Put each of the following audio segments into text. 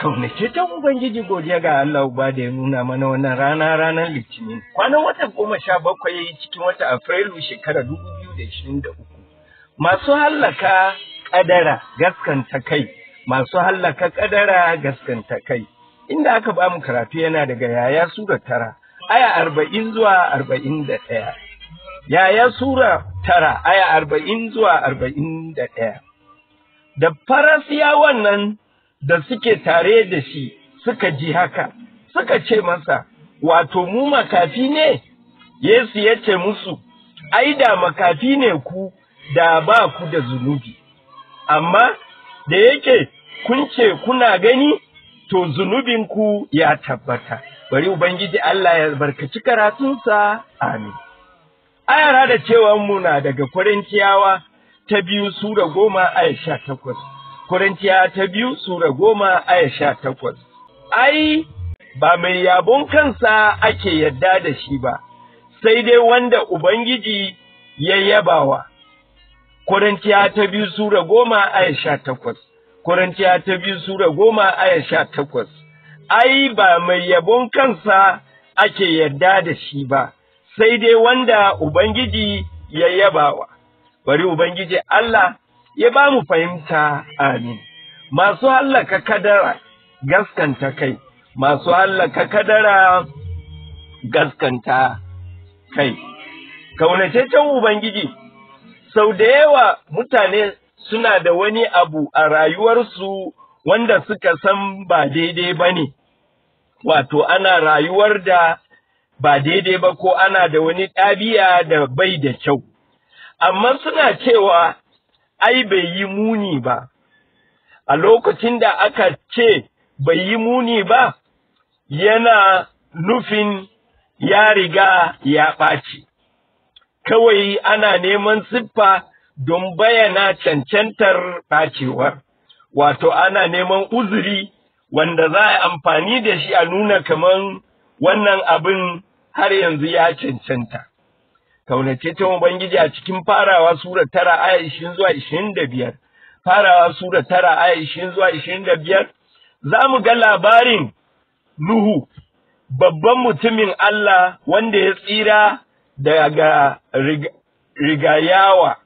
Kaunace ta Ubangiji godiya ga Allah ba da ya nuna mana wannan rana ranar Litinin. Kwanan wata goma sha bakwai ya yi cikin wata Afrilu shekara dubu biyu da ishirin da uku. Masu hallaka kadara gaskanta kai, masu hallaka kadara gaskanta kai. Inda aka ba mu karatu yana daga yaya sura tara, aya arba'in zuwa arba'in da ɗaya. Yaya sura tara, aya arba'in zuwa arba'in da ɗaya. Da farasiya wannan da suke tare da shi suka ji haka suka ce masa wato mu makafi ne Yesu ya ce musu ai da makafi ne ku da ba ku da zunubi amma da yake kun ce kuna gani to zunubinku ya tabbata bari ubangiji Allah ya barkaci karatunsa amin ayara da cewa muna daga Korintiyawa ta biyu sura goma aya sha takwas Korintiya ta biyu Sura goma aya sha takwas. Ai, ba mai yabon kansa ake yadda da shi ba, sai dai wanda Ubangiji ya yabawa. Korintiya ta biyu Sura goma aya sha takwas. Korintiya ta biyu Sura goma aya sha takwas. Ai, ba mai yabon kansa ake yadda da shi ba, sai dai wanda Ubangiji ya yabawa. Bari Ubangiji Allah ya ba mu fahimta amin. Masu hallaka kadara gaskanta kai, masu hallaka kadara gaskanta kai. Kaunataccen Ubangiji, sau da yawa mutane suna da wani abu a rayuwarsu wanda suka san ba daidai ba ne, wato ana rayuwar da ba daidai ba ko ana da wani ɗabi'a da bai da kyau. Amma suna cewa ai bai yi muni ba a lokacin da aka ce bai yi muni ba yana nufin ya riga ya ɓaci kawai ana neman siffa don bayyana cancantar ɓacewar wato ana neman uzuri wanda za a amfani da shi a nuna kaman wannan abin har yanzu ya cancanta. kaunataccen ubangiji a cikin farawa sura tara aya ishirin zuwa ishirin da biyar farawa sura tara aya ishirin zuwa ishirin da biyar za mu ga labarin nuhu babban mutumin Allah wanda ya tsira daga rigayawa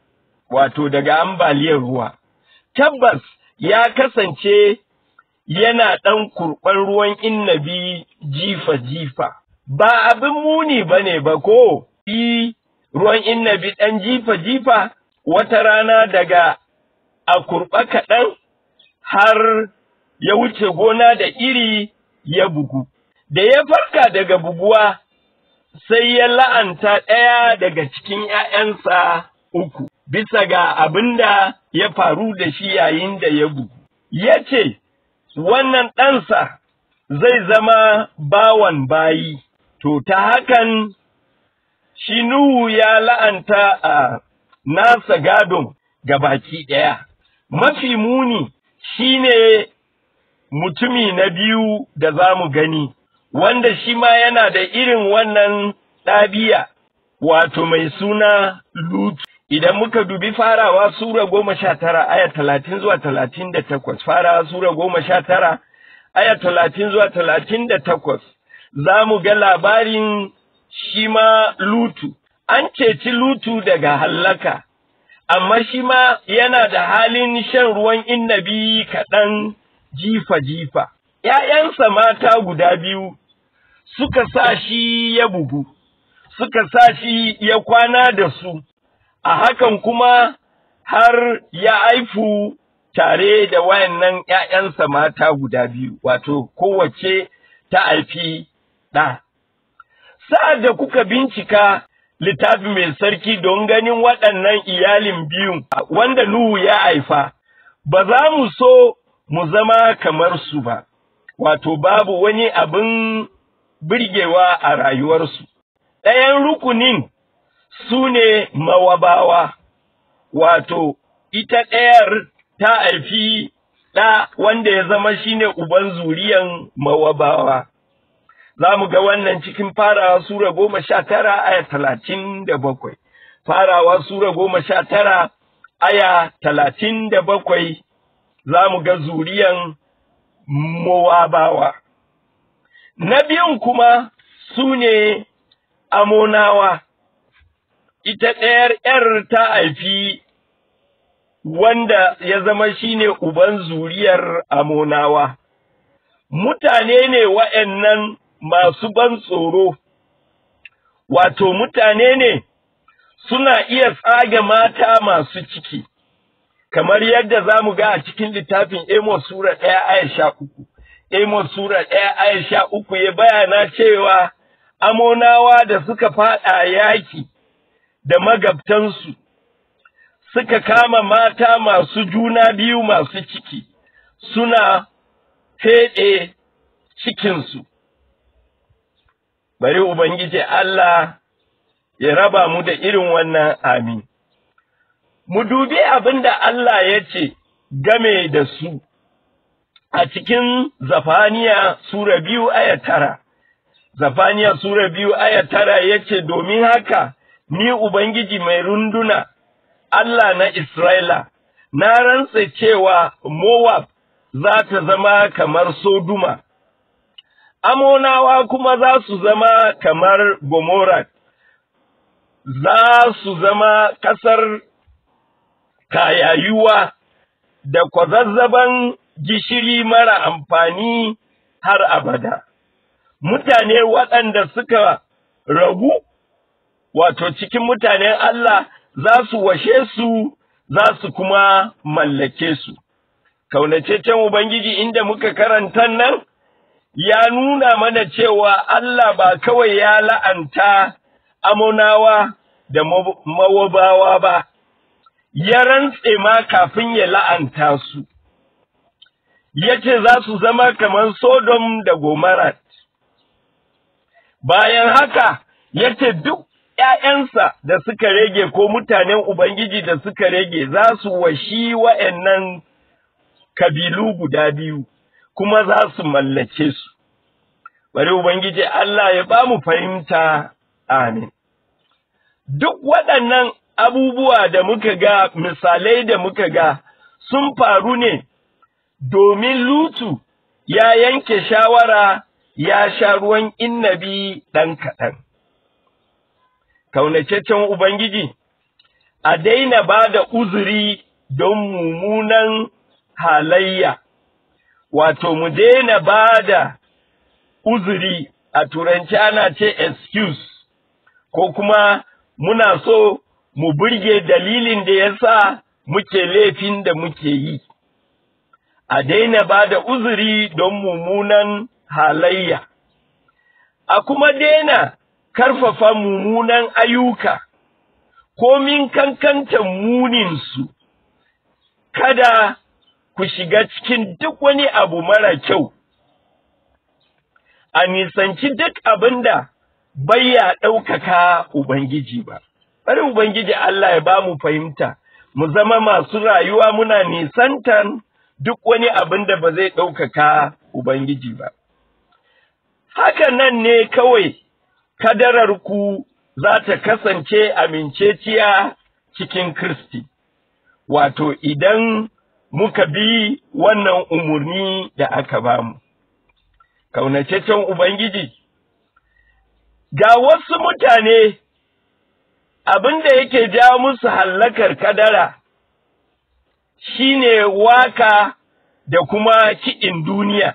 wato daga ambaliyar ruwa tabbas ya kasance yana ɗan kurɓar ruwan innabi jifa-jifa ba abin muni ba ne ba ko ruwan innabi ɗan jifa-jifa wata rana daga a kurɓa kaɗan har ya wuce gona da iri ya bugu. Da ya farka daga buguwa sai ya la'anta ɗaya daga cikin ‘ya'yansa uku, bisa ga abin da ya faru da shi yayin da ya bugu. Ya ce, wannan ɗansa zai zama bawan bayi, to ta hakan shi Nuhu ya la'anta a nasa gadon ga baki ɗaya. Mafi muni shi ne mutumi na biyu da za mu gani, wanda shi ma yana da irin wannan ɗabi'a, wato mai suna Lutu. Idan muka dubi farawa Sura goma sha tara aya talatin zuwa talatin da takwas, farawa Sura goma sha tara aya talatin zuwa talatin da takwas, za mu ga labarin shi ma Lutu, an ceci Lutu daga hallaka, amma shi ma yana da halin shan ruwan innabi kaɗan jifa-jifa. ‘Ya'yansa mata guda biyu suka sa shi ya bugu, suka sa shi ya kwana da su, a hakan kuma har ya aifu tare da wayannan ‘ya'yansa mata guda biyu, wato kowace ta haifi ɗa. sa'ad da kuka bincika littafi mai sarki don ganin waɗannan iyalin biyun wanda Nuhu ya haifa, ba za mu so mu zama kamar su ba, wato babu wani abin birgewa a rayuwarsu. Ɗayan rukunin su ne mawabawa, wato ita ɗayar ta haifi ɗa wanda ya zama shine uban zuriyan mawabawa. za mu ga wannan cikin farawa Sura goma sha tara aya talatin da bakwai, farawa Sura goma sha tara aya talatin da bakwai za mu ga zuriyan Mowabawa. Na biyun kuma su ne Amonawa, ita ɗayar ‘yar ta haifi wanda ya zama shi ne uban zuriyar Amonawa. Mutane ne wa'yannan masu ban tsoro wato mutane ne suna iya tsage mata masu ciki kamar yadda za mu ga a cikin littafin Amos Sura ɗaya Aisha sha uku. Amos Sura ɗaya Aisha 3 ya bayana cewa Amonawa da suka faɗa yaki da magabtansu suka kama mata masu juna biyu masu ciki suna feɗe cikinsu. bari Ubangiji Allah ya raba mu da irin wannan amin. Mu dubi abin da Allah ya ce game da su a cikin Zafaniya Sura biyu aya tara. Zafaniya Sura biyu aya tara ya ce, Domin haka, ni Ubangiji mai runduna, Allah na Isra'ila, na rantse cewa Mowab za ta zama kamar duma. Amonawa kuma za su zama kamar Gomorra za su zama ƙasar kayayuwa da kwazazzaban gishiri mara amfani har abada. Mutane waɗanda suka ragu, wato cikin mutanen Allah za su washe su, za su kuma mallake su. Kaunace Kaunacecen Ubangiji inda muka karanta nan, ya nuna mana cewa Allah ba kawai ya la'anta amonawa da mawabawa ba, ya rantse ma kafin ya la'anta su, ya ce za su zama kamar Sodom da Gomarat. Bayan haka, ya ce duk ‘ya'yansa da suka rege ko mutanen Ubangiji da suka rege za su washi wa'yan kabilu guda biyu. kuma za su mallake su bari ubangiji Allah ya ba mu fahimta amin duk waɗannan abubuwa da muka ga misalai da muka ga sun faru ne domin lutu ya yanke shawara ya sha ruwan innabi ɗan kaɗan. Kaunataccen Ubangiji, a daina ba da uzuri don mummunan halayya, wato mu daina ba da uzuri a turanci ana ce excuse ko kuma muna so mu burge dalilin da ya sa muke laifin da muke yi a daina ba da uzuri don mummunan halayya a kuma daina karfafa mummunan ayyuka komin kankantan muninsu kada ku shiga cikin duk wani abu mara kyau, a nisanci duk abin da ya ɗaukaka Ubangiji ba. Bari Ubangiji Allah ya ba mu fahimta, mu zama masu rayuwa muna nisantan duk wani abin da ba zai ɗaukaka Ubangiji ba. Haka nan ne kawai kadararku za ta kasance aminceciya cikin Kristi, wato idan muka bi wannan umurni da aka bamu. Kaunataccen Ubangiji, ga wasu mutane abin da yake ja musu hallakar kadara shi ne waka da kuma kiɗin duniya,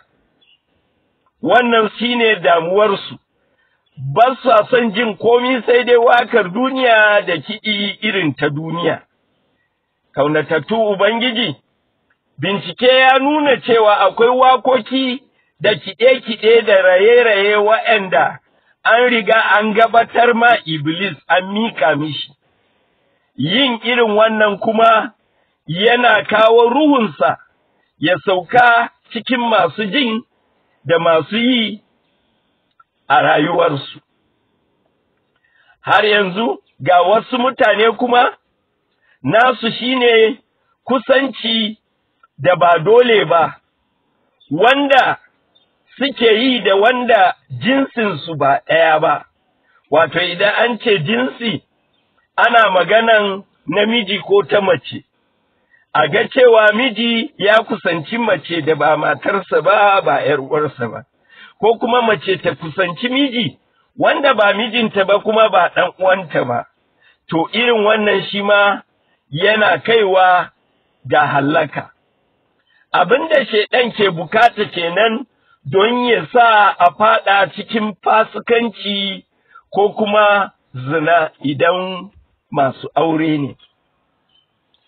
wannan shi ne damuwarsu. ba sa son jin komi sai dai wakar duniya da kiɗi irin ta duniya. Kaunatattu Ubangiji, bincike ya nuna cewa akwai wakoki da kiɗe-kiɗe da raye-raye waɗanda an riga an gabatar ma Iblis an mika mishi. Yin irin wannan kuma yana kawo ruhunsa ya sauka cikin masu jin da masu yi a rayuwarsu. Har yanzu ga wasu mutane kuma nasu shine kusanci da ba dole ba wanda suke yi da wanda jinsinsu ba ɗaya ba wato idan an ce jinsi ana maganan namiji ko ta mace a ga cewa miji ya kusanci mace da ba matarsa ba ba yaruwarsa ba ko kuma mace ta kusanci miji wanda ba mijinta ba kuma ba ɗan'uwanta ba to irin wannan shi ma yana kaiwa ga hallaka abin da shaidan ke bukata kenan don ya sa a faɗa cikin fasikanci ko kuma zina idan masu aure ne.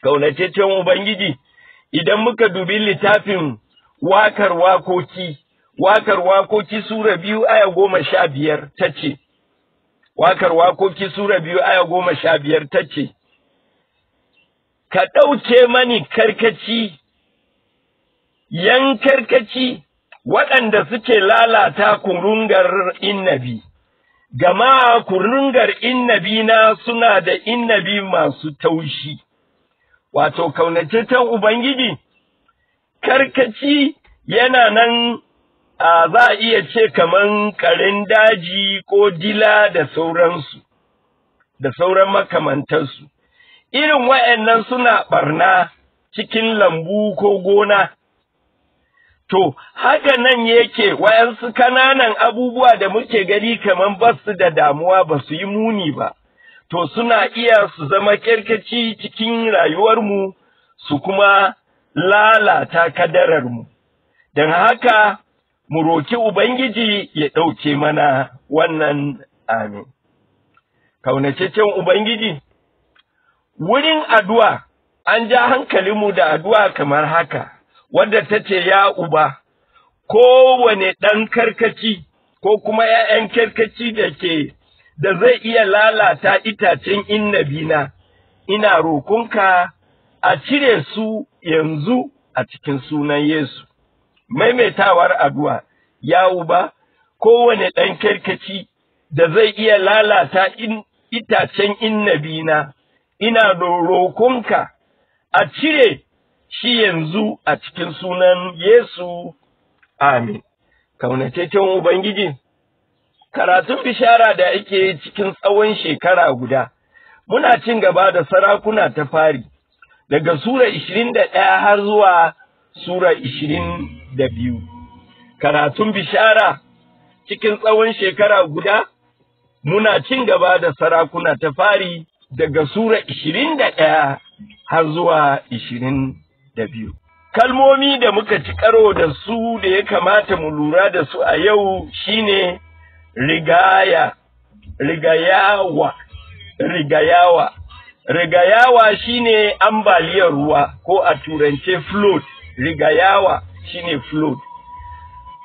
Kaunataccen Ubangiji, idan muka dubi littafin wakar wakoki, wakar wakoki Sura biyu aya goma sha biyar ta ce, wakar wakoki Sura biyu aya goma sha biyar ta ce, Ka ɗauke mani karkaci yankarkaci waɗanda suke lalata kurungar innabi, gama kurungar innabi na suna da innabi masu taushi, wato kaunataccen Ubangiji, karkaci yana nan a za a iya ce kaman ƙarin daji ko dila da sauransu, da sauran makamantarsu. Irin wa'yannan suna ɓarna cikin lambu ko gona. To, haka nan yake wayansu kananan abubuwa da muke gani kaman basu da damuwa ba su yi muni ba, to suna iya su zama kirkici cikin rayuwarmu su kuma lalata kadararmu. Don haka, mu roki Ubangiji ya ɗauke mana wannan amin. Kaunataccen Ubangiji, wurin addu'a an ja hankalinmu da addu'a kamar haka. wadda ta ce ya uba kowane ɗan karkaci ko kuma ‘ya'yan karkaci da ke da zai iya lalata itacen innabina ina roƙonka a cire su yanzu a cikin sunan Yesu. Maimaitawar addu'a, ya uba, kowane ɗan karkaci da zai iya lalata in, itacen innabina, ina roƙonka a cire shi yanzu a cikin sunan Yesu, Amin. Kaunataccen Ubangiji, karatun bishara da ake cikin tsawon shekara guda, muna cin gaba da sarakuna ta fari, daga Sura ɗaya har zuwa Sura biyu. Karatun bishara cikin tsawon shekara guda, muna cin gaba da sarakuna ta fari daga Sura ɗaya har zuwa ishirin. da biyu. Kalmomi da muka ci karo da su da ya kamata mu lura da su a yau shine rigaya, rigayawa, rigayawa. Rigayawa shine ambaliyar ruwa ko a turance float, rigayawa shine float.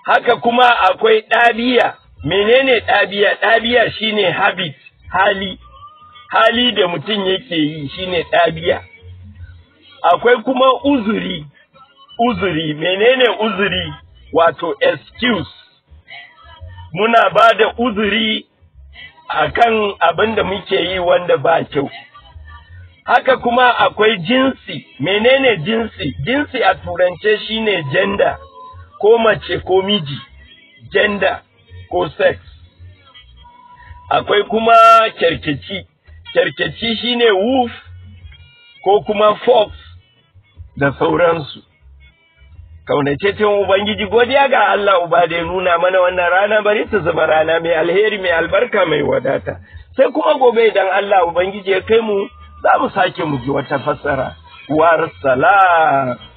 Haka kuma akwai ɗabiya, menene ɗabiya? Ɗabiya shine habit, hali, hali da mutum yake yi shine ɗabiya. akwai kuma uzuri uzuri menene uzuri wato excuse muna ba da uzuri akan abin da muke yi wanda ba kyau haka kuma akwai jinsi menene jinsi jinsi a turance shine gender ko mace ko miji gender ko sex akwai kuma kyarkeci kyarkeci shine wolf ko kuma fox da sauransu kaunacecen ubangiji godiya ga Allah uba da ya nuna mana wannan rana bari ta zama rana mai alheri mai albarka mai wadata sai kuma gobe idan Allah ubangiji ya kai mu za mu sake mu ji wata fassara war salam